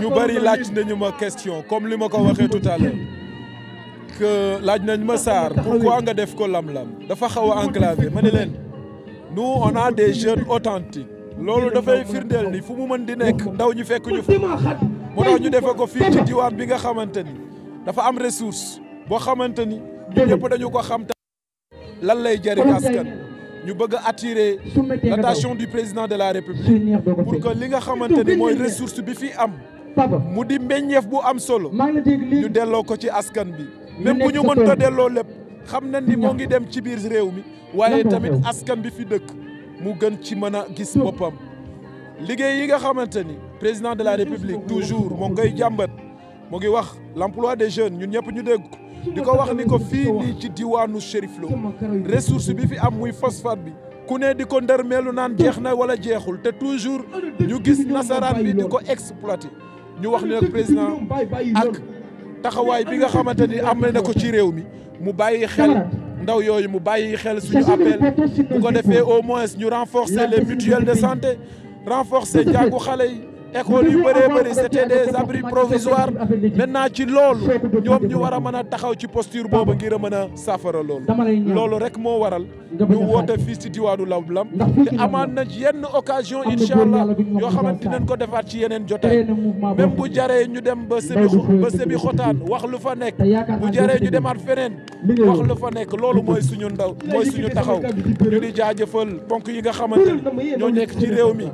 ñu bari laaj nañu ma question comme li ma ko waxee tout laaj nañ ma Sarr pourquoi nga def ko lam-lam dafa xaw a bi ma ne leen nous on a des jeunes loolu dafay firndeel ni fu mu mën di nekk ndaw ñu fekk ñu fa moo tax ñu defe ko fii ci diwaan bi nga xamante ni dafa am ressource boo xamante ni ñu ñëpp dañu ko xam ta lan lay jëriñ askan ñu bëgg a attirer l'attention du président de la république pour que li nga xamante ni mooy ressource bi fi am mu di meññeef bu am solo ñu delloo ko ci askan bi même bu ñu mënta delloo lépp xam na ni moo ngi dem ci biir réew mi waaye tamit askan bi fi dëkk mu gën ci mën a gis boppam liggéey yi nga xamante ni président de la république toujours moo ngi koy jàmbat mu ngi wax l'emploi des jeunes ñu ñëpp ñu dégg di ko wax ni ko fii nii ci diwaanu Chérif Lo ressource bi fi am muy phosphate bi ku ne di ko ndërmeelu naan jeex na wala jeexul te toujours ñu gis nasaraan bi di ko exploité ñu wax ni nag président ak taxawaay bi nga xamante ni am na ko ci réew mi mu bàyyi xel ndaw yooyu mu bàyyi xel suñu appel bu ko defee au moins ñu renforcer les mutuelles de santé renforcer njàngu xale yi école yu bëree bëri c'était des abris provisoires maintenant ci loolu ñoom ñu war a mën a taxaw ci posture boobu ngir a mën a saafara loolu loolu rek moo waral ñu woote fii si diwaanu lam te amaat na yenn occasion incha allah yoo xamante dinañ ko defaat ci yeneen jotaay même bu jaree ñu dem ba sebi ba sebi xotaan wax lu fa nekk bu jaree ñu demaat feneen wax lu fa nekk loolu mooy suñu ndaw mooy suñu taxaw ñu di jaajëfal ponk yi nga xamante ni ñoo nekk ci réew mi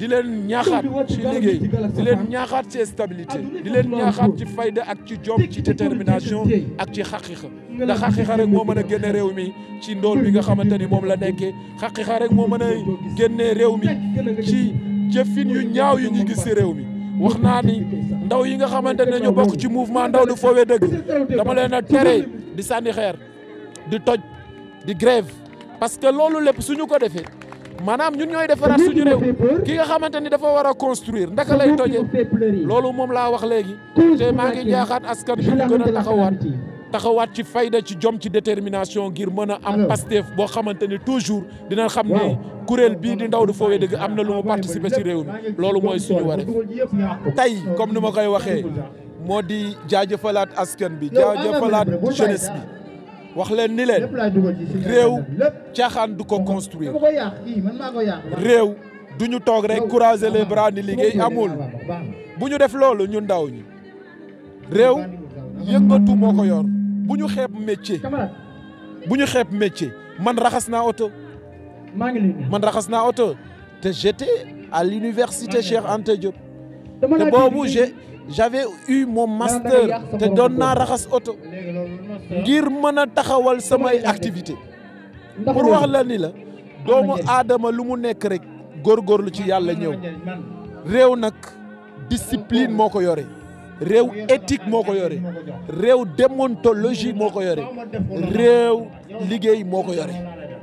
di leen ñaaxaat ci liggéey di leen ñaaxaat ci stabilité di leen ñaaxaat ci fayda ak ci jom ci détermination ak ci xaqiqa ndax xaqiqa rek moo mën a génne réew mi ci ndool bi nga xamante ni moom la nekkee xaqiqa rek moo mën a génne réew mi ci jëfin yu ñaaw yu ñu gis ci réew mi wax naa ndaw yi nga xamante ne ñu bokk ci mouvement ndaw du foowee dëgg dama leen a tere di sanni xeer di toj di grève parce que loolu lépp suñu ko defee maanaam ñun ñooy defaraat suñu réew ki nga xamante ni dafa war a construire ndaka lay toje loolu moom laa wax léegi te maa ngi jaaxaat askan bi ñu gën a taxawaat taxawaat ci fayda ci jom ci détermination ngir mën a am Pastef boo xamante ni toujours dina xam ne kuréel bii di ndaw du foowee dëgg am na lu mu participer ci réew mi loolu mooy suñu waref tey comme ni ma koy waxee moo di jaajëfalaat askan bi jaajëfalaat jeunesse bi wax leen ni leen réew caaxaan du ko construire réew du ñu toog rek croiser les bras ni liggéey amul bu ñu def loolu ñu ndaw ñi réew yëngatu moo ko yor bu ñu xeeb métier bu ñu xeeb métier man raxas naa oto man raxas naa oto te j'étais à l'université Cheikh Anta Diop te boobu j'ai j'avais eu mon master te doon naa raxas oto ngir mën a taxawal samay activité pour wax la ni la doomu aadama lu mu nekk rek góorgóorlu ci yàlla ñëw réew nag discipline moo ko yore réew éthique moo ko yore réew déontologie moo ko yore réew liggéey moo ko yore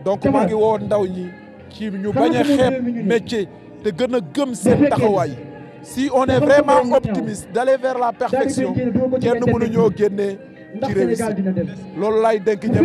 donc maa ngi woo ndaw ñi ci ñu bañ a xeeb te gën a gëm seen taxawaay si on est vraiment optimiste d'aller vers la perfection kenn mënuñoo génnee ci réussite loolu lay dénk ñëpp